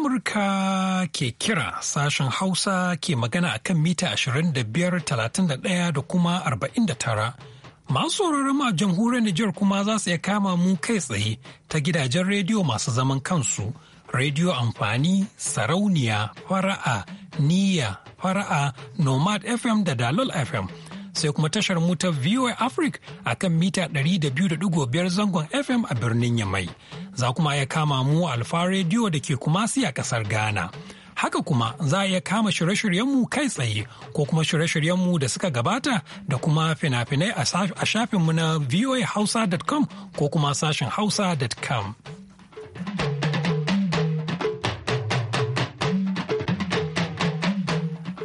Amurka ke kira sashen Hausa ke magana a kan mita 25,31 da kuma 49. Masu sauraron a jamhuriyar Nijar kuma za su iya kama mu kai tsaye ta gidajen rediyo masu zaman kansu, rediyo amfani, sarauniya, fara'a, niyya, fara'a, nomad FM da dalol FM. sai kuma tashar mu ta VOA Africa a kan mita 200.5 zangon FM a birnin Yamai. Za kuma ya kama mu Alfa Radio da ke Kumasi a kasar Ghana. Haka kuma za a iya kama shirye-shiryenmu kai tsaye ko kuma shirye-shiryenmu da suka gabata da kuma fina-finai a shafinmu na voahausa.com ko kuma sashen hausa.com.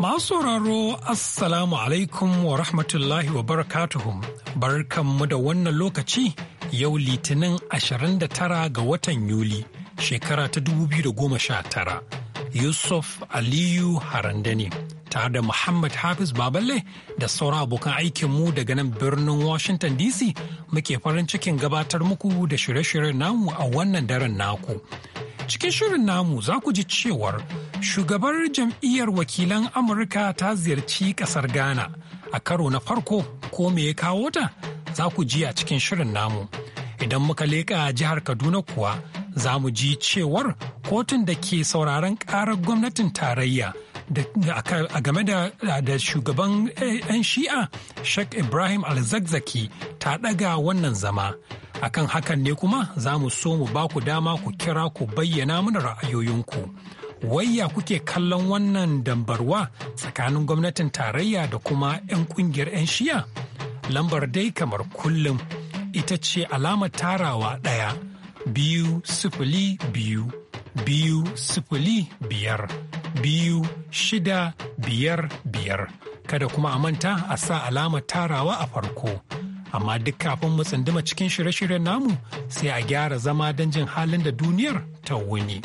Masu sauraro Assalamu alaikum wa rahmatullahi wa barakatuhu barkanmu da wannan lokaci yau litinin 29 ga watan Yuli shekara ta 2019 Yusuf Aliyu Harandani tare da Muhammad Hafiz Baballe da sauran abokan aikinmu daga nan birnin Washington DC muke farin cikin gabatar muku da shirye-shiryen namu a wannan daren naku. Cikin shirin namu za ku ji cewar shugabar jam'iyyar wakilan Amurka ta ziyarci ƙasar Ghana a karo na farko ko me ya kawo ta za ku ji a cikin shirin namu. Idan muka leƙa jihar Kaduna kuwa za mu ji cewar kotun da ke sauraron ƙarar gwamnatin tarayya a game da shugaban eh, 'yan shi'a Sheikh Ibrahim al-Zakzaki ta ɗaga wannan zama. Akan hakan ne kuma za mu so mu ba ku dama ku kira ku bayyana mana ra'ayoyinku. Wayya kuke kallon wannan dambarwa tsakanin gwamnatin tarayya da kuma 'yan kungiyar 'yan shi'a? Lambar dai kamar kullum ita ce alamar tarawa ɗaya biyu sifili biyu biyu sifili biyar. biyu shida biyar biyar kada kuma a manta a sa alamar tarawa a farko amma duk kafin mu tsunduma cikin shirye-shiryen namu sai a gyara zama don jin halin da duniyar ta wuni.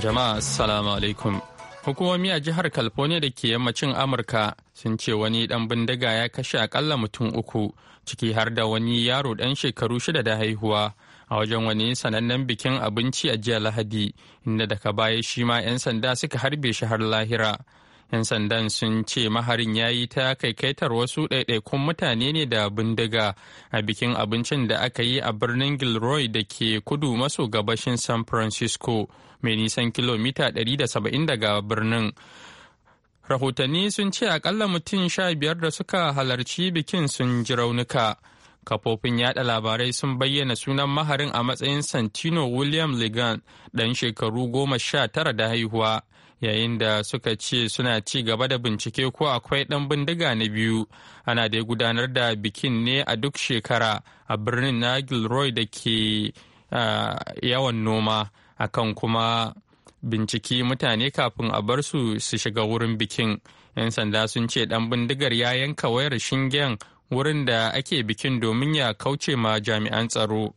jama'a assalamu alaikum hukumomi a jihar california da ke yammacin amurka sun ce wani dan bindiga ya kashe akalla mutum uku ciki har da wani yaro dan shekaru shida da haihuwa a wajen wani sanannen bikin abinci a jiya lahadi inda daga baya shi ma 'yan sanda suka harbe shi har lahira 'yan sandan sun ce maharin ya yi ta kaikaitar wasu ɗaiɗaikun mutane ne da bindiga a bikin abincin da aka yi a birnin gilroy da ke kudu maso gabashin san francisco mai nisan kilomita 170 daga birnin rahotanni sun ce akalla mutum 15 da suka halarci bikin sun ji raunuka Kafofin yada labarai sun bayyana sunan maharin a matsayin Santino William Ligan dan shekaru goma sha tara da haihuwa, yayin da suka ce suna ci gaba da bincike ko akwai dan bindiga na biyu. Ana dai gudanar da bikin ne a duk shekara a birnin na Gilroy da ke yawan noma, akan kuma binciki mutane kafin a bar su su shiga wurin bikin. 'Yan sanda sun ce dan bindigar ya yanka wayar shingen wurin da ake bikin domin ya kauce ma jami'an tsaro.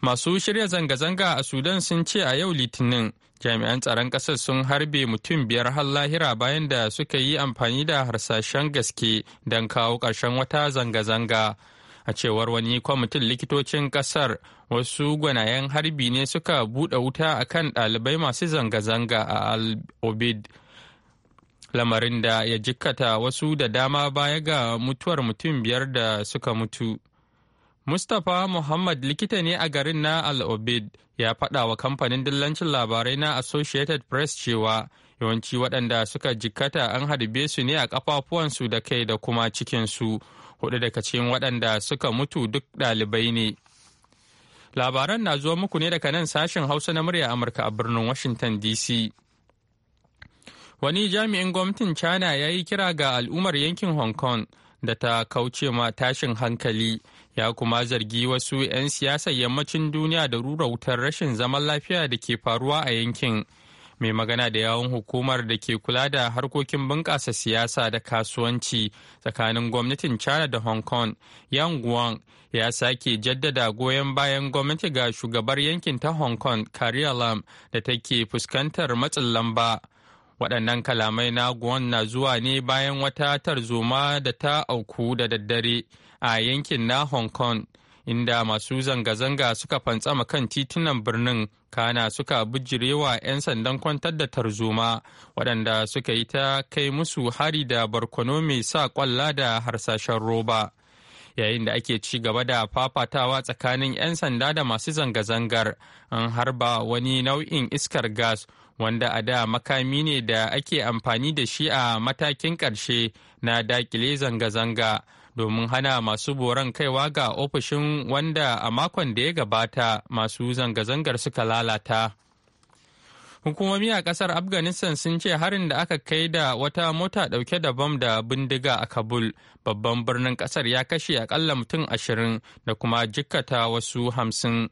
Masu shirya zanga-zanga a Sudan sun ce a yau Litinin jami'an tsaron ƙasar sun harbe mutum biyar har lahira bayan da suka yi amfani da harsashen gaske don kawo ƙarshen wata zanga-zanga. A cewar wani kwamitin likitocin ƙasar wasu gwanayen harbi ne suka buɗe wuta akan ɗalibai masu zanga-zanga a Al-Obid. lamarin da ya jikkata wasu da dama baya ga mutuwar mutum biyar da suka mutu. Mustapha Muhammad likita ne a garin na Al-Obid ya faɗa wa kamfanin dillancin labarai na Associated Press cewa yawanci waɗanda suka jikkata an harbe su ne a ƙafafuwansu da kai da kuma cikinsu, hudu daga cikin waɗanda suka mutu duk ɗalibai ne. Labaran na zuwa muku ne daga nan sashen Hausa na murya Amurka a birnin Washington DC. Wani jami'in gwamnatin China ya yi kira ga al'ummar yankin Hong Kong da ta kauce ma tashin hankali ya kuma zargi wasu 'yan siyasar yammacin duniya da rura wutar rashin zaman lafiya da ke faruwa a yankin. mai magana da yawon hukumar da ke kula da harkokin bunƙasa siyasa da kasuwanci tsakanin gwamnatin china da hong kong yang guang ya sake jaddada goyon bayan gwamnati ga shugabar yankin ta hong kong carrie lam da take fuskantar matsin lamba waɗannan kalamai na guwan na zuwa ne bayan wata tarzoma da ta auku da daddare a yankin na hong kong inda masu zanga-zanga suka fantsama kan titunan birnin kana suka bijirewa 'yan sandan kwantar da tarzoma waɗanda suka yi ta kai musu hari da barkono mai sa kwalla da harsashen roba yayin da ake ci gaba da fafatawa tsakanin 'yan sanda da masu zanga-zangar an harba wani nau'in iskar gas wanda a da makami ne da ake amfani da shi a matakin ƙarshe na dakile zanga-zanga domin hana masu boron kaiwa ga ofishin wanda a makon da ya gabata masu zanga-zangar suka lalata. Hukumomi a ƙasar Afghanistan sun ce harin da aka kai da wata mota ɗauke da bam da bindiga a Kabul, babban birnin ƙasar ya kashe aƙalla mutum ashirin da kuma jikkata wasu hamsin.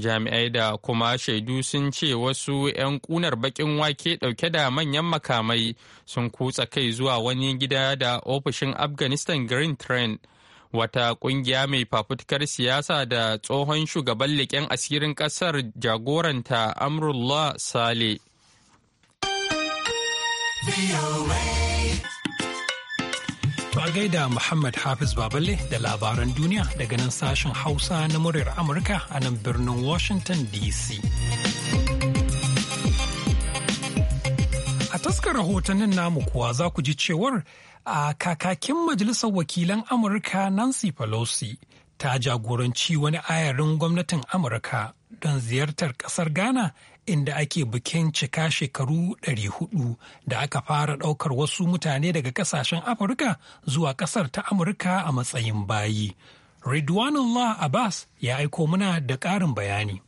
jami'ai da kuma shaidu sun ce wasu 'yan kunar bakin wake dauke da manyan makamai sun kutsa kai zuwa wani gida da ofishin afghanistan green train wata kungiya mai fafutukar siyasa da tsohon shugaban leƙen asirin ƙasar jagoranta amrullah sale To a gaida Muhammad Hafiz Baballe da labaran duniya daga nan sashen Hausa na muryar Amurka a nan birnin Washington DC. A taskar rahotannin namu kuwa za ku ji cewar a kakakin Majalisar Wakilan Amurka Nancy Pelosi ta jagoranci wani ayarin gwamnatin Amurka don ziyartar ƙasar Ghana inda ake bikin cika shekaru 400 da aka fara ɗaukar wasu mutane daga ƙasashen Afirka zuwa ƙasar ta Amurka a matsayin bayi. Ridwanullah Abbas ya aiko muna da ƙarin bayani.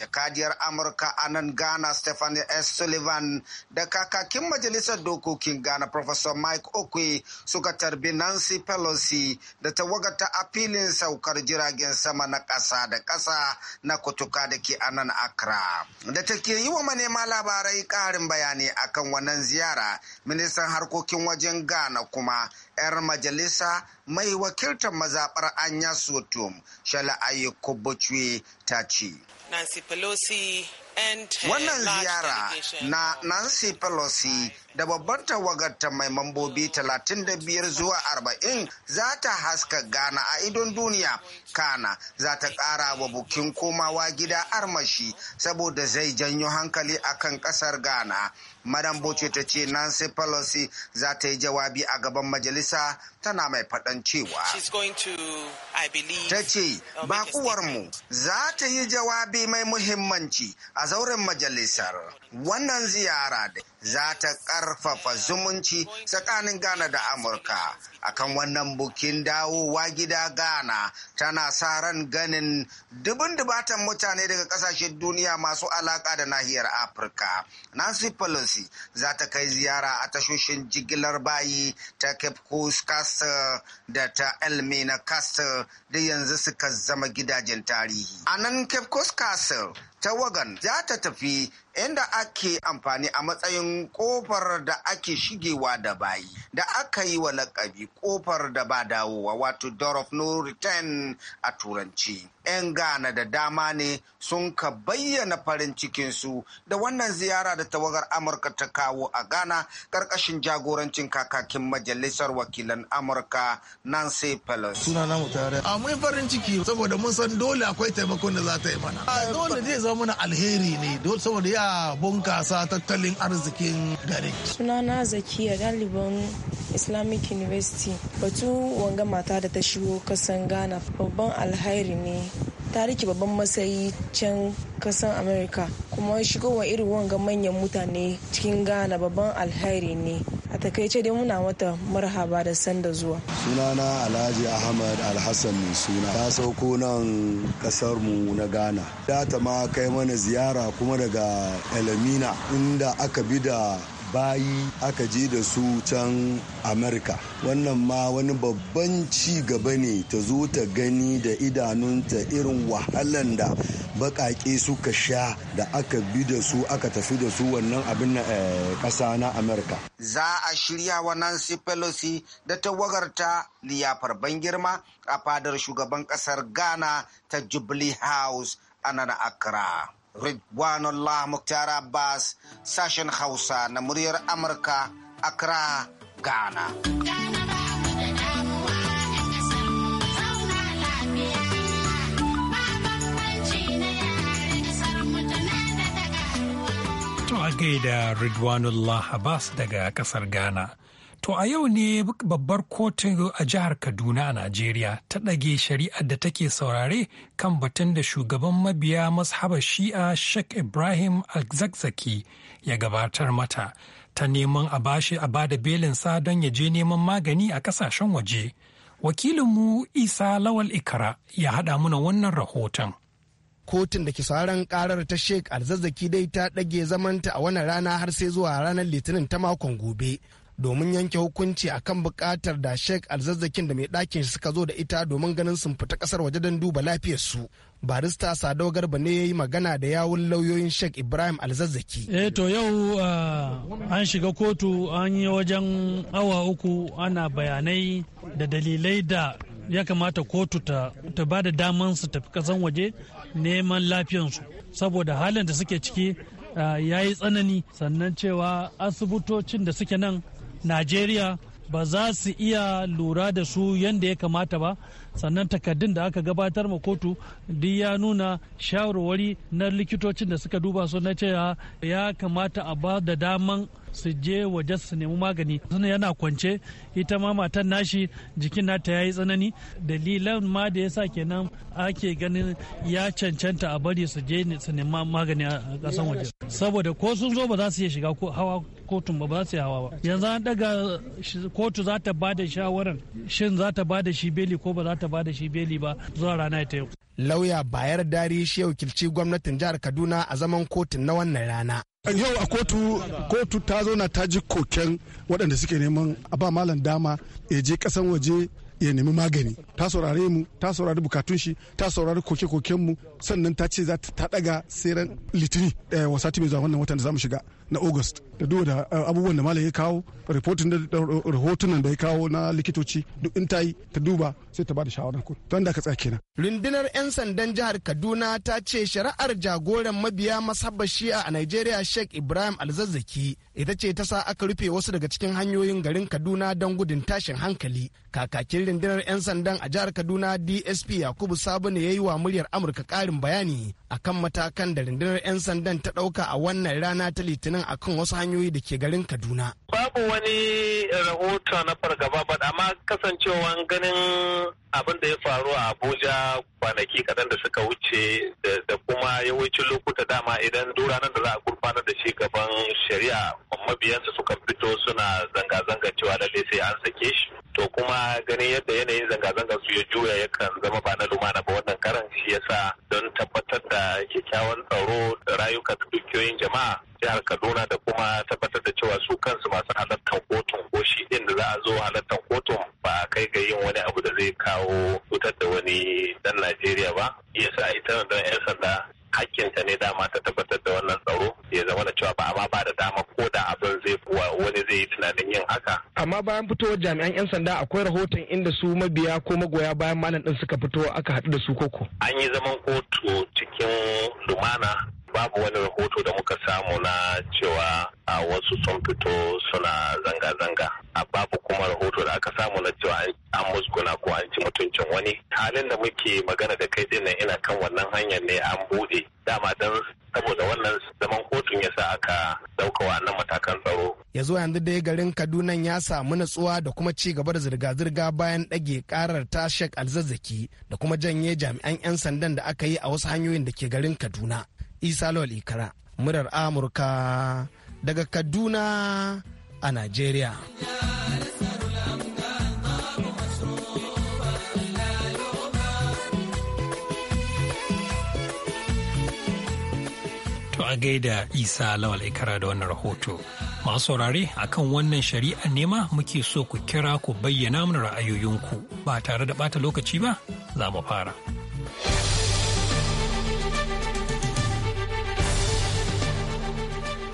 jakadiyar amurka a nan ghana stephanie s sullivan da kakakin majalisar dokokin ghana professor mike okwe suka tarbi nancy pelosi da tawagata a filin saukar jiragen sama na ƙasa da ƙasa na kutuka da ke a nan accra da take yi wa manema labarai ƙarin bayani akan wannan ziyara ministan harkokin wajen ghana kuma 'yar majalisa mai wakiltar mazaɓar anya sotum shala ayi kubuchwe ta ce Nancy Pelosi Wannan ziyara na Nancy Pelosi da babbar tawagarta mai mambobi 35 zuwa 40 za ta haska gana a idon duniya. Kana za ta ƙara wa bukin komawa gida armashi saboda zai janyo hankali a kan ƙasar Ghana. Madam boce ta ce Nancy Pelosi za ta yi jawabi a gaban majalisa tana mai faɗan cewa. Ta ce, uh, mu za ta yi jawabi mai muhimmanci a zauren majalisar. Wannan ziyara za ta Karfafa zumunci tsakanin Ghana da Amurka. Akan wannan bukin dawowa gida Ghana tana sa ran ganin dubun dubatan mutane daga kasashen duniya masu alaƙa da nahiyar Afirka. Nancy Pelosi za ta kai ziyara a tashoshin jigilar bayi ta Cape Coast Castle da ta Elmina Castle da yanzu suka zama gidajen tarihi. Anan nan Cape Coast Castle tawagan za ta tafi inda ake amfani a matsayin kofar da ake shigewa da bayi da aka yi wa lakabi kofar da ba dawowa wato door of no return a turanci 'yan ghana da dama ne sun ka bayyana farin cikinsu da wannan ziyara da tawagar amurka ta kawo a ghana karkashin jagorancin kakakin majalisar wakilan amurka nancy pelosi sunana mu tare a mun farin ciki saboda mun san dole akwai taimakon da za ta yi mana dole zai zama mana alheri ne dole saboda iya bunkasa tattalin arzikin gari. Sunana Zakiya ɗaliban Islamic University batu wanga mata da ta shigo kasan Ghana babban alhairi ne ta rike babban matsayi can kasan Amerika kuma shigowa irin wanga manyan mutane cikin Ghana babban alhairi ne. a takaice dai muna mata marhaba da sanda zuwa sunana alhaji ahmad alhassan mai suna ta sauko nan kasar mu na ghana ta ma kai mana ziyara kuma daga elamina inda aka bi da bayi aka je da su can amerika wannan ma wani babban ci gaba ne ta zo ta gani da idanunta irin wahalan da bakake suka sha da aka bi da su aka tafi da su wannan abin na eh, ƙasa na amerika za a shirya wa nancy pelosi da tawagarta liyafar ban girma a fadar shugaban kasar ghana ta jubilee house a nan accra Ridwanullah Muktar Abbas sashen Hausa na muryar Amurka Accra, Ghana. To a gaida Ridwanullah Abbas daga kasar Ghana. To a yau ne babbar kotun a jihar Kaduna a Najeriya ta ɗage shari'ar da take saurare kan batun da shugaban mabiya mashabar shi'a Sheikh Ibrahim al ya gabatar mata ta neman a bashi a bada belin sa don ya je neman magani a ƙasashen waje. Wakilinmu Isa Lawal Ikara ya haɗa muna wannan rahoton. kotun da ke sauraron karar ta Sheikh alzazzaki dai ta ɗage zamanta a wannan rana har sai zuwa ranar litinin ta makon gobe domin yanke hukunci akan bukatar da sheik alzazzakin da mai ɗakin suka zo da ita domin ganin sun fita kasar waje don duba lafiyarsu barista sadau garba ne ya yi magana da yawun lauyoyin sheik ibrahim alzazzaki eh to yau ah, an shiga kotu an yi wajen awa uku ana bayanai da dalilai da ya kamata kotu ta, ba da daman su tafi kasan waje neman su saboda halin da suke ciki ah, ya yi tsanani sannan cewa asibitocin da suke nan najeriya ba za su iya lura da su yadda ya kamata ba sannan takardun da aka gabatar ma kotu duk ya nuna shawarwari na likitocin da suka duba su na cewa ya kamata a ba da daman su je waje su nemi magani suna yana kwance ita ma matan nashi jikin nata ya yi tsanani dalilan ma da ya sa kenan ake ganin ya cancanta a bari su je su nemi magani a kasan waje saboda ko sun zo ba za su iya shiga hawa kotun ba za su yi hawa ba yanzu an daga kotu za ta ba da shawaran shin za ta ba da shi beli ko ba za ta bada shi beli ba zuwa rana ta yau. Lauya bayar dari shi ya wakilci gwamnatin jihar Kaduna a zaman kotun na wannan rana. yau a kotu kotu ta zauna ta ji koken waɗanda suke neman a ba malam dama ya je ƙasan waje ya nemi magani ta saurare mu ta saurari bukatun shi ta saurari koke-koken mu sannan ta ce za ta daga tseren litini eh, wa sati mai zuwa wannan watan da zamu shiga na august da duk da eh, abubuwan da malam ya kawo rahoton da ya kawo na likitoci duk in ta yi ta duba sai ta ba da shawarar ku don da ka tsaya kenan rundunar 'yan sandan jihar kaduna ta ce shari'ar jagoran mabiya masabba shi'a a nigeria sheikh ibrahim alzazzaki ita ce ta sa aka rufe wasu daga cikin hanyoyin garin kaduna don gudun tashin hankali kakakin rundunar 'yan sandan a jihar kaduna dsp yakubu sabo ne ya yi wa muryar amurka karin bayani akan matakan da rundunar 'yan sandan ta ɗauka a wannan rana ta litinin akan wasu hanyoyi da ke garin kaduna babu wani rahoto na fargaba ba amma kasancewan ganin abin da ya faru a abuja kwanaki kaɗan da suka wuce da kuma yawancin lokuta dama idan ranar da za a gurfanar da shi gaban shari'a mabiyansa suka fito suna zanga-zanga cewa lallai sai an sake shi to kuma ganin yadda yanayin zanga-zangar su ya juya yakan zama ba na lumana ba wannan karan shi yasa don tabbatar da kyakkyawan tsaro da rayuka dukiyoyin jama'a jihar kaduna da kuma tabbatar da cewa su kansu masu halartar kotun ko shi din da za a zo halartar kotun ba a kai ga yin wani abu da zai kawo wutar da wani dan najeriya ba yasa ita don 'yan sanda hakkinta ne dama ta tabbatar da wannan tsaro ya zama da cewa ba a ma ba da dama ko da abin zai wani zai yi tunanin yin haka. Amma bayan fitowar jami'an 'yan sanda akwai rahoton inda su mabiya ko magoya bayan malam din suka fito aka haɗu da su koko. An yi zaman kotu cikin lumana babu wani rahoto da muka samu na cewa a wasu sun fito suna zanga-zanga a babu kuma rahoto da aka samu na cewa an musguna ko an ci mutuncin wani halin da muke magana da kai dinnan ina kan wannan hanyar ne an bude dama don saboda wannan zaman kotun ya sa aka dauka wannan matakan tsaro ya zo yanzu dai garin kaduna ya samu natsuwa da kuma ci gaba da zirga-zirga bayan ɗage karar tashek alzazzaki da kuma janye jami'an 'yan sandan da aka yi a wasu hanyoyin da ke garin kaduna isa lawal ikara murar amurka daga kaduna a Najeriya. To a gaida isa lawal ikara da wannan rahoto masu saurare akan wannan shari'a nema muke so ku kira ku bayyana mana ra'ayoyinku ba tare da ɓata lokaci ba za mu fara.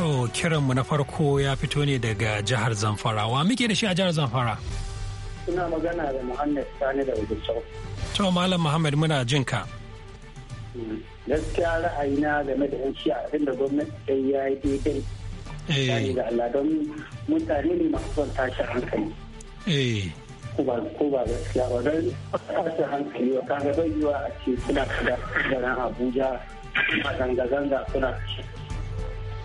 To kiranmu na farko ya fito ne daga jihar Zamfara. Wa muke da shi a jihar Zamfara? Suna magana da Muhammad Sani da Wajircau. To Malam Muhammad muna jin ka. Mm. Gaskiya na game da yan a abin da gwamnati ta yi ya yi daidai. Eh. da Allah don mutane ne masu son tashin hankali. Eh. Ko ba gaskiya ba don hankali ba kaga bai yiwa a ce suna kada garin Abuja. Zanga-zanga suna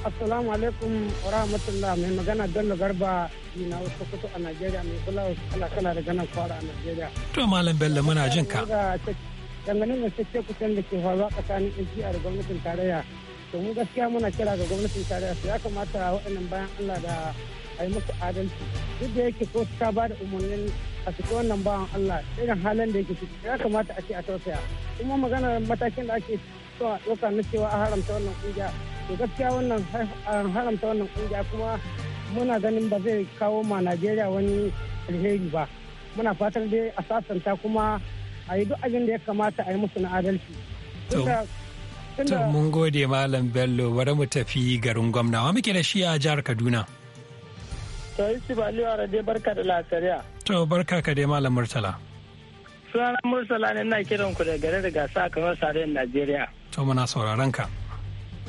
Assalamu alaikum wa rahmatullah mai magana Bello Garba na Sokoto a Najeriya mai kula kala-kala da ganin fara a Najeriya. To Malam Bello muna jin ka. Dangane da cece kusan da ke faruwa tsakanin NGR da gwamnatin tarayya. To mu gaskiya muna kira ga gwamnatin tarayya su ya kamata waɗannan bayan Allah da a yi musu adalci. Duk da yake ko ta ba da umarnin a cikin wannan bawan Allah irin halin da yake ciki ya kamata a ce a tausaya. Kuma maganar matakin da ake so a ɗauka na cewa a haramta wannan ƙungiya to gaskiya wannan haramta wannan kungiya kuma muna ganin ba zai kawo ma najeriya wani alheri ba muna fatar dai a sasanta kuma a yi duk abin da ya kamata a yi musu na adalci To mun gode Malam Bello bari mu tafi garin gwamna wa muke da shi a jihar Kaduna. To Yusuf Aliyu barka da lasariya. To barka ka dai Malam Murtala. sunan Murtala ne na kiran ku da garin Rigasa a kamar Sarayin Najeriya. To muna sauraron ka.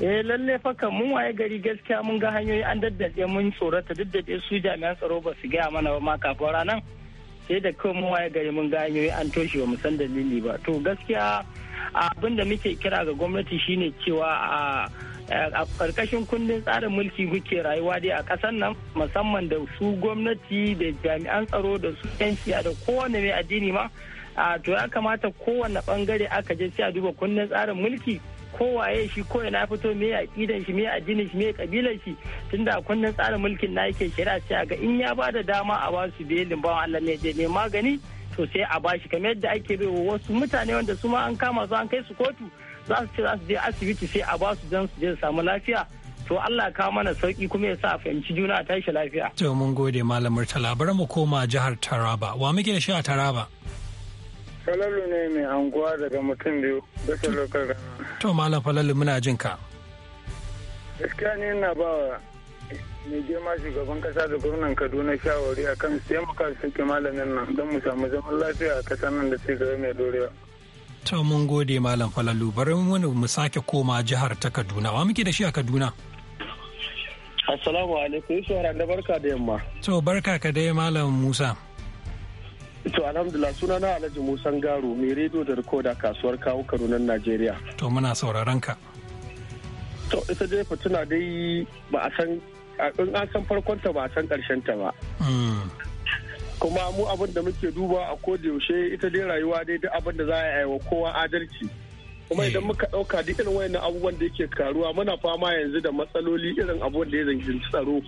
eh lalle kan mun waye gari gaskiya mun ga hanyoyi an daddade mun tsorata duk da su jami'an tsaro ba su gaya mana ba ma kafin ranan sai da kawai mun waye gari mun ga hanyoyi an toshe ba san dalili ba to gaskiya abin da muke kira ga gwamnati shine cewa a a karkashin kundin tsarin mulki muke rayuwa dai a ƙasar nan musamman da su gwamnati da jami'an tsaro da su 'yan da kowane mai addini ma to ya kamata kowane bangare aka je sai a duba kundin tsarin mulki kowaye shi ko na fito me aqidan shi me addinin shi me kabilar shi tunda nan tsarin mulkin na yake shari'a sai ga in ya ba da dama a ba su belin bawan Allah ne ne magani to sai a bashi kamar yadda ake bai wa wasu mutane wanda su ma an kama su an kai su kotu za su ce za su je asibiti sai a ba su don su je su samu lafiya to Allah ka mana sauki kuma ya sa a fahimci juna a tashi lafiya. To mun gode malamar talabar mu koma jihar Taraba wa muke da shi a Taraba. Falalu ne mai anguwa daga mutum biyu da lokacin to malam falalu muna jin ka gaskiya ne ina ba mai girma shugaban kasa da gwamnan kaduna shawari a kan sai taimaka su malamin nan don mu samu zaman lafiya a kasar nan da sai gaba mai dorewa. to mun gode malam falalu bari wani mu sake koma jihar ta kaduna wa muke da shi a kaduna. assalamu alaikum yusuf da barka da yamma. to barka ka dai malam musa. To alhamdulillah suna na Alhaji Musan Garo mai rediyo da rikoda kasuwar kawo nan Najeriya. To muna sauraron ka. To ita dai fituna dai ba a san in an san farkon ta ba a san karshen ta ba. Hmm. Kuma mu abin da muke duba a koda yaushe ita dai rayuwa dai duk abin da za a yi wa kowa adalci. kuma idan hmm. muka ɗauka duk irin wani abubuwan da yake karuwa muna fama yanzu da matsaloli irin abubuwan da ya zanci tsaro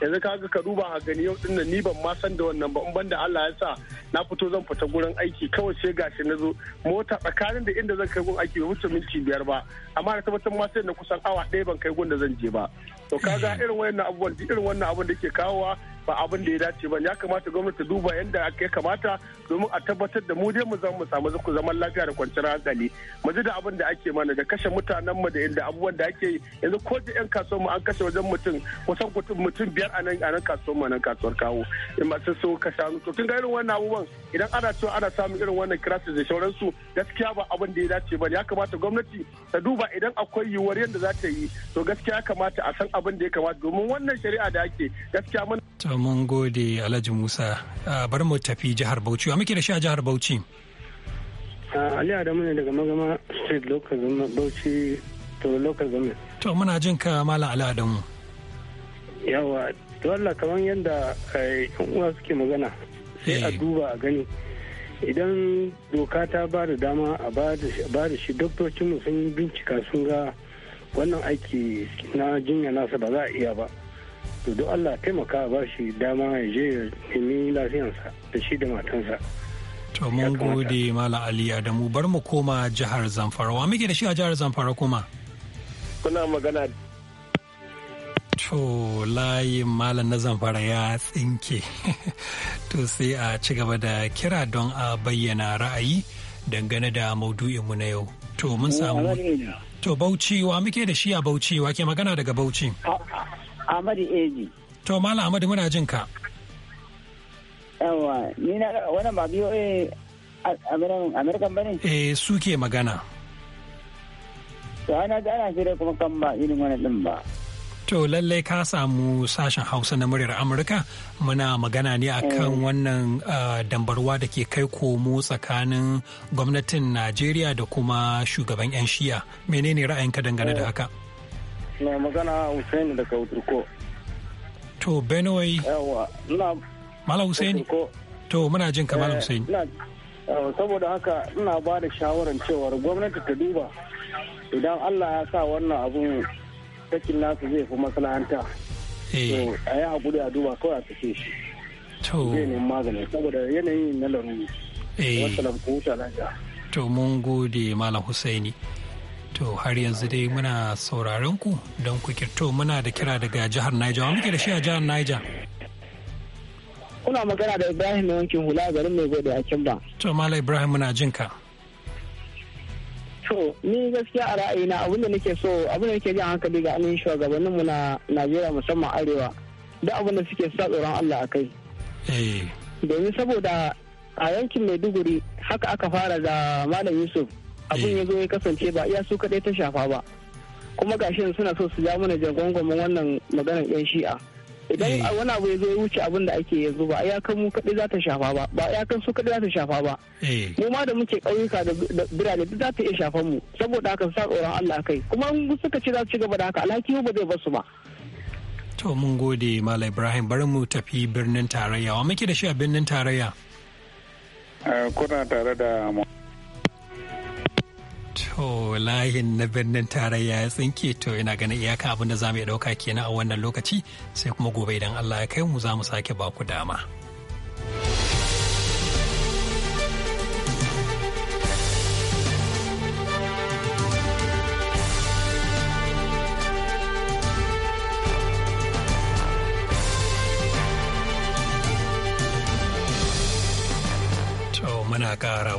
yanzu kaga ka duba a gani yau dinnan ni ban ma san da wannan ba in banda Allah ya sa na fito zan fita gurin aiki kawai sai gashi na zo mota tsakanin da inda zan kai gun aiki ba wuce minti biyar ba amma na tabbatar ma sai na kusan awa ɗaya ban kai gun da zan je ba to kaga hmm. irin wani abubuwan duk irin wannan abun da ke kawowa ba abin da ya dace ba ya kamata gwamnati ta duba yadda ya kamata domin a tabbatar da mu dai mu zama mu samu zuku zaman lafiya da kwanciyar hankali mu ji da abin da ake mana da kashe mutanen mu da inda abubuwan da ake yanzu ko da yan kasuwar mu an kashe wajen mutum kusan mutum biyar a nan a nan kasuwar mu nan kasuwar kawo in ba sun so ka shanu to kin ga irin wannan abubuwan idan ana cewa ana samun irin wannan crisis da sauransu gaskiya ba abin da ya dace ba ya kamata gwamnati ta duba idan akwai yiwuwar yadda za ta yi to gaskiya ya kamata a san abin da ya kamata domin wannan shari'a da ake gaskiya mun To mun gode Alhaji Musa. Bar mu tafi jihar Bauchi. Wa muke da shi a jihar Bauchi? Ali Adamu ne daga Magama State Local Government Bauchi to Local Government. To muna jin ka mala Ali Adamu. Yawa, to Allah kamar yadda eh, uwa suke magana. Sai a eh. duba a gani. Idan doka ta ba da dama a ba da shi doktocinmu sun bincika sun ga wannan aiki na jinya nasa ba za a iya ba. to duk allah taimaka ba shi dama ya je ya nemi lafiyansa da shi da matansa to mun gode mala ali adamu bar mu koma jihar zamfara wa muke da shi a jihar zamfara kuma kuna magana to layin malam na zamfara ya tsinke to sai a ci gaba da kira don a bayyana ra'ayi dangane da maudu'inmu na yau to mun samu to bauchi wa muke da shi a bauchi wa ke magana daga bauchi Ahmadu Eji. To Malam Ahmadu muna jin ka. Yawwa, ni na wani ba biyo American bane? Eh suke magana. To ana ga ana shirya kuma kan ba irin wani din ba. To lallai ka samu sashen Hausa na muryar Amurka muna magana ne akan eh. wannan dambarwa da ke kai komo tsakanin gwamnatin Najeriya da kuma shugaban 'yan shiya. Menene ra'ayinka dangane da eh. haka? mai magana Hussein daga Uturko. To Benue. Yawa, ina Malam Hussein. To muna jin ka Malam eh, Hussein. saboda haka ina ba da shawarar cewa gwamnati ta duba idan Allah ya sa wannan abun sakin nasu zai fi maslahanta. Eh. A yi hakuri a duba kawai a sake shi. To. Zai nemi magani saboda yanayin na laruri. Eh. Wasu lamkuta na To mun gode Mala Hussaini. To har yanzu dai muna sauraron ku don ku kirto muna da kira daga jihar Niger. Wa muke da shi a jihar Niger? Kuna magana da Ibrahim na wankin hula garin mai gode a ba. To Mala Ibrahim muna jin ka. To ni gaskiya a ra'ayina abin da nake so abin da nake jin hankali ga ainihin shugabannin mu na Najeriya musamman Arewa. Da abin da suke sa tsoron Allah a kai. Eh. Domin saboda a yankin Maiduguri haka aka fara da Malam Yusuf abin eh. ya zo ya kasance ba iya su kaɗai ta shafa ba kuma gashin suna so su ja mana jagwangwamin wannan maganar yan shi'a idan eh. wani abu ya zo ya wuce abin da ake yanzu ba iyakan mu kaɗai za ta shafa ba ba iyakan su kaɗai za ta shafa ba eh. mu ma da muke ƙauyuka da birane duk za ta iya shafan mu saboda haka sa tsoron Allah kai kuma in suka ce za su ci gaba da haka alhaki ba zai basu ba to mun gode Malam Ibrahim bari mu tafi birnin tarayya wa muke da shi a birnin tarayya kuna tare da To layin na birnin tarayya ya tsinke to ina ganin iyaka abin da za mu iya ɗauka kenan a wannan lokaci sai kuma gobe idan Allah ya kai mu za mu sake baku dama.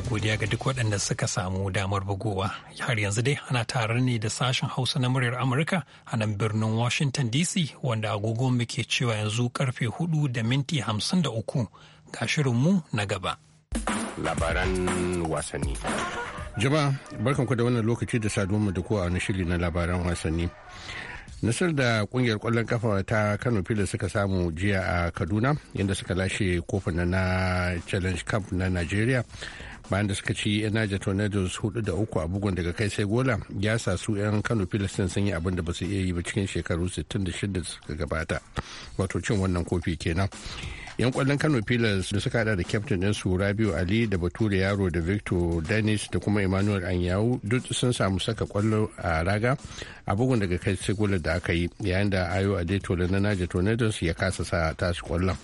godiya ga duk waɗanda suka samu damar bugowa. Har yanzu dai ana tare ne da sashen Hausa na muryar Amurka a nan birnin Washington DC wanda agogo muke cewa yanzu karfe 4 da minti 53 ga shirinmu na gaba. Labaran wasanni. Jama'a barkanku da wannan lokaci da saduwanmu da kowa na shiri na labaran wasanni. nasar da kungiyar kwallon kafa ta kano filas suka samu jiya a kaduna inda suka lashe kofin na challenge cup na nigeria bayan da suka ci yan niger tornadoes hudu da uku a bugun daga kai sai gola ya sa su yan kano filistin sun yi abin da ba su iya yi ba cikin shekaru 66 da suka gabata wato cin wannan kofi kenan yan kwallon kano pillars da suka hada da captain din su rabiu ali da bature yaro da victor dennis da kuma emmanuel anyawu duk sun samu saka kwallo a raga a bugun daga kai sai da aka yi yayin da ayo adetola na naja tornadoes ya kasa sa tasu kwallon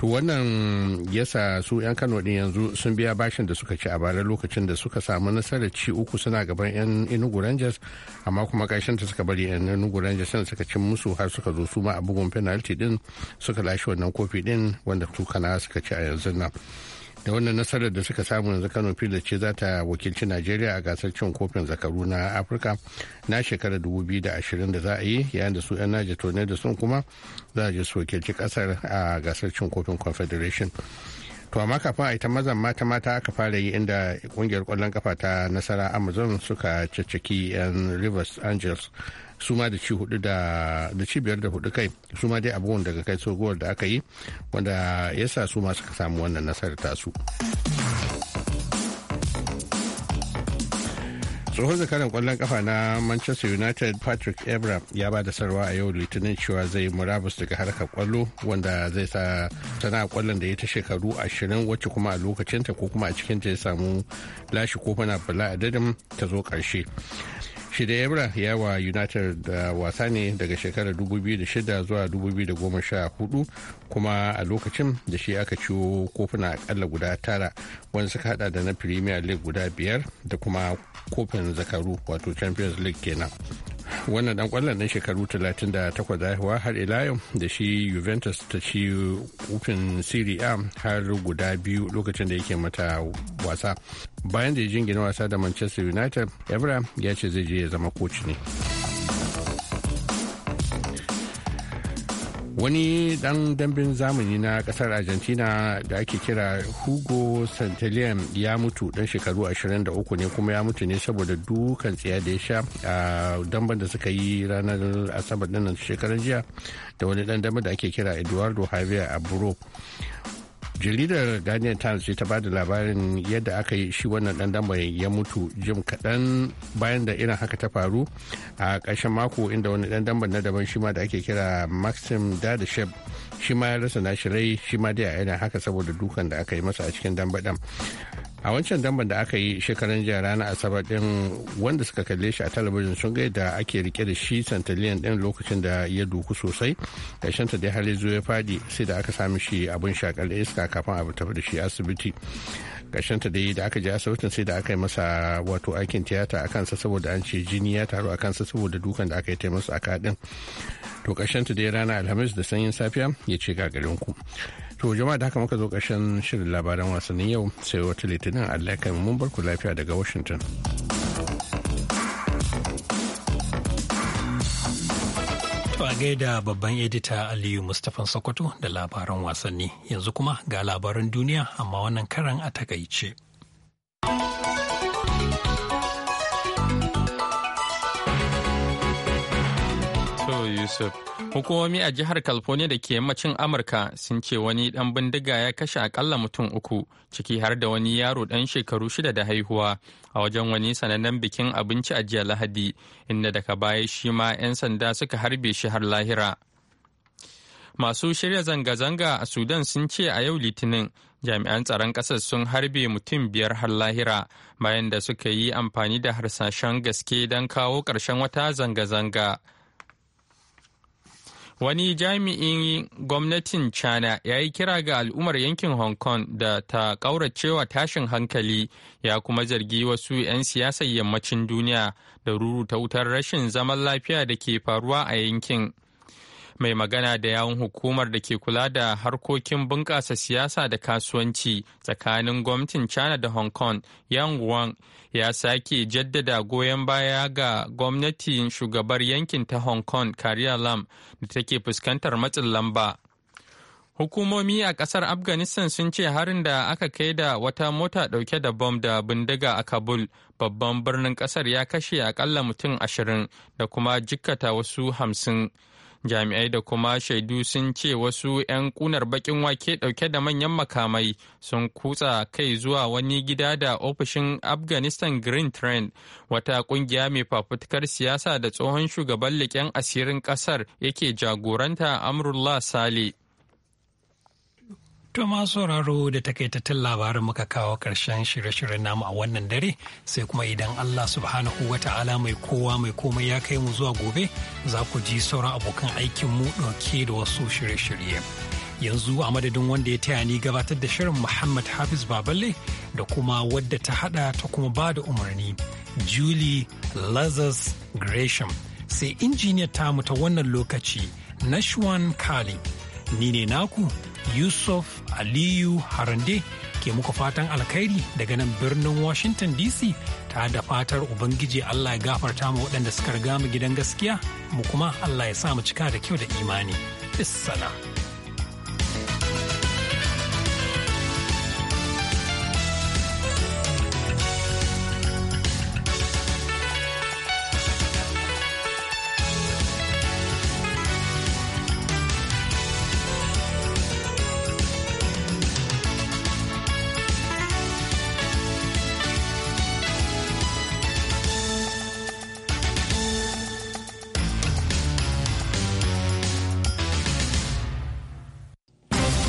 to wannan yasa su 'yan kano din yanzu sun biya bashin da suka ci a bara lokacin da suka samu nasarar ci uku suna gaban 'yan inugu rangers amma kuma kashin ta suka bari 'yan inugu rangers sun suka cin musu har suka zo su ma a bugun penalty din suka lashe wannan kofi din wanda tukana suka ci a yanzu nan da wannan nasarar da suka samu yanzu kano pillars ce za ta wakilci najeriya a gasar cin kofin zakaru na afirka na shekarar 2020 da za a yi yayin da su 'yan naja tone da sun kuma za a je su wakilci kasar a gasar cin kofin confederation to amma kafin a ita mazan mata mata aka fara yi inda kungiyar kwallon kafa ta nasara amazon suka caccaki 'yan rivers angels su ma da ci hudu da da ci biyar da hudu kai su ma dai abubuwan daga kai tsohuwar da aka yi wanda ya sa su ma suka samu wannan nasarar tasu. tsohon zakaran kwallon kafa na manchester united patrick evra ya ba da sarwa a yau litinin cewa zai murabus daga harkar kwallo wanda zai sa sana'a kwallon da ya ta shekaru ashirin wacce kuma a lokacinta ko kuma a cikinta ya samu lashe kofuna bala a dadin ta zo karshe shi da ebra ya wa united da wasa ne daga shekarar 2006 zuwa 2014 kuma a lokacin da shi aka ciwo kofuna akalla guda tara wani suka hada da na premier league guda biyar da kuma kofin zakaru wato champions league kenan wannan dan kwallon na shekaru 38 da haihuwa har ila yau da shi juventus ta ci kufin serie a har guda biyu lokacin da yake mata wasa bayan da ya jingina wasa da manchester united evra ya ce zai je ya zama koci ne wani dan dambin zamani na kasar argentina da ake kira hugo santillan ya mutu dan shekaru 23 ne kuma ya mutu ne saboda dukan tsiya da ya sha a damban da suka yi ranar asabar dinnan shekaran jiya da wani dan damba da ake kira eduardo javier aburo jaridar guardian times ta ba da labarin yadda aka yi shi wannan dan mai ya mutu jim kaɗan bayan da irin haka ta faru a ƙarshen mako inda wani dandan na daban shi ma da ake kira maxim dadashev shi ma ya rasa shi rai shi ma dai a irin haka saboda dukan da aka yi masa a cikin dam a wancan damban da aka yi shekaran jiya ranar asabar din wanda suka kalle shi a talabijin sun ga da ake rike da shi santaliyan din lokacin da ya duku sosai ƙarshen ta dai har ya ya fadi sai da aka sami shi abin shakar iska kafin a tafi da shi asibiti ƙarshenta dai da aka ji asibitin sai da aka yi masa wato aikin tiyata a kansa saboda an ce jini ya taru a kansa saboda dukan da aka yi masa a kaɗin to ƙarshenta dai rana alhamis da sanyin safiya ya ce ku to jama'a da haka muka zo ƙarshen shirin labaran wasannin yau sai wata litinin allah ya mun bar ku lafiya daga washington gaida babban edita Aliyu Mustapha Sokoto da labaran wasanni yanzu kuma ga labaran duniya amma wannan karan a takaice. to Yusuf. Hukumomi a jihar California da ke yammacin Amurka sun ce wani dan bindiga ya kashe akalla mutum uku, ciki har da wani yaro dan shekaru shida da haihuwa a wajen wani sanannen bikin abinci a jiya Lahadi, inda daga baya shi ma 'yan sanda suka harbe shi har lahira. Masu shirya zanga-zanga a Sudan sun ce a yau Litinin jami'an tsaron ƙasar sun harbe mutum biyar har lahira bayan da suka yi amfani da harsashen gaske don kawo ƙarshen wata zanga-zanga. Wani jami'in gwamnatin China ya yi kira ga al'ummar yankin Hong Kong da ta ƙauracewa tashin hankali ya kuma zargi wasu 'yan siyasar yammacin duniya da ruruta wutar rashin zaman lafiya da ke faruwa a yankin. mai magana da yawun hukumar da ke kula da harkokin bunƙasa siyasa da kasuwanci tsakanin gwamnatin china da hong kong yang wang ya sake jaddada goyon baya ga gwamnatin shugabar yankin ta hong kong carrie lam da take fuskantar matsin lamba Hukumomi a kasar Afghanistan sun ce harin da aka kai da wata mota dauke da bom da bindiga a Kabul, babban birnin kasar ya kashe akalla mutum ashirin da kuma jikkata wasu hamsin. jami'ai da kuma shaidu sun ce wasu 'yan kunar bakin wake dauke da manyan makamai sun kutsa kai zuwa wani gida da ofishin afghanistan green trend wata kungiya mai fafutukar siyasa da tsohon shugaban leƙen asirin ƙasar yake jagoranta amrullah sale To masu sauraro da takaitattun labarin muka kawo ƙarshen shirye-shiryen namu a wannan dare sai kuma idan Allah subhanahu wa ta'ala mai kowa mai komai ya kai mu zuwa gobe za ku ji sauran abokan aikin mu ɗauke da wasu shirye-shirye. Yanzu a madadin wanda ya taya ni gabatar da shirin Muhammad Hafiz Baballe da kuma wadda ta haɗa ta kuma ba da umarni Julie Lazarus Gresham sai injiniyar tamu ta wannan lokaci Nashwan Kali. Ni ne naku Yusuf Aliyu Harande ke muku fatan alkhairi daga nan birnin Washington DC ta da fatar Ubangiji Allah ya gafarta ma waɗanda suka riga mu gidan gaskiya mu kuma Allah ya sa mu cika da kyau da imani. Assalamu.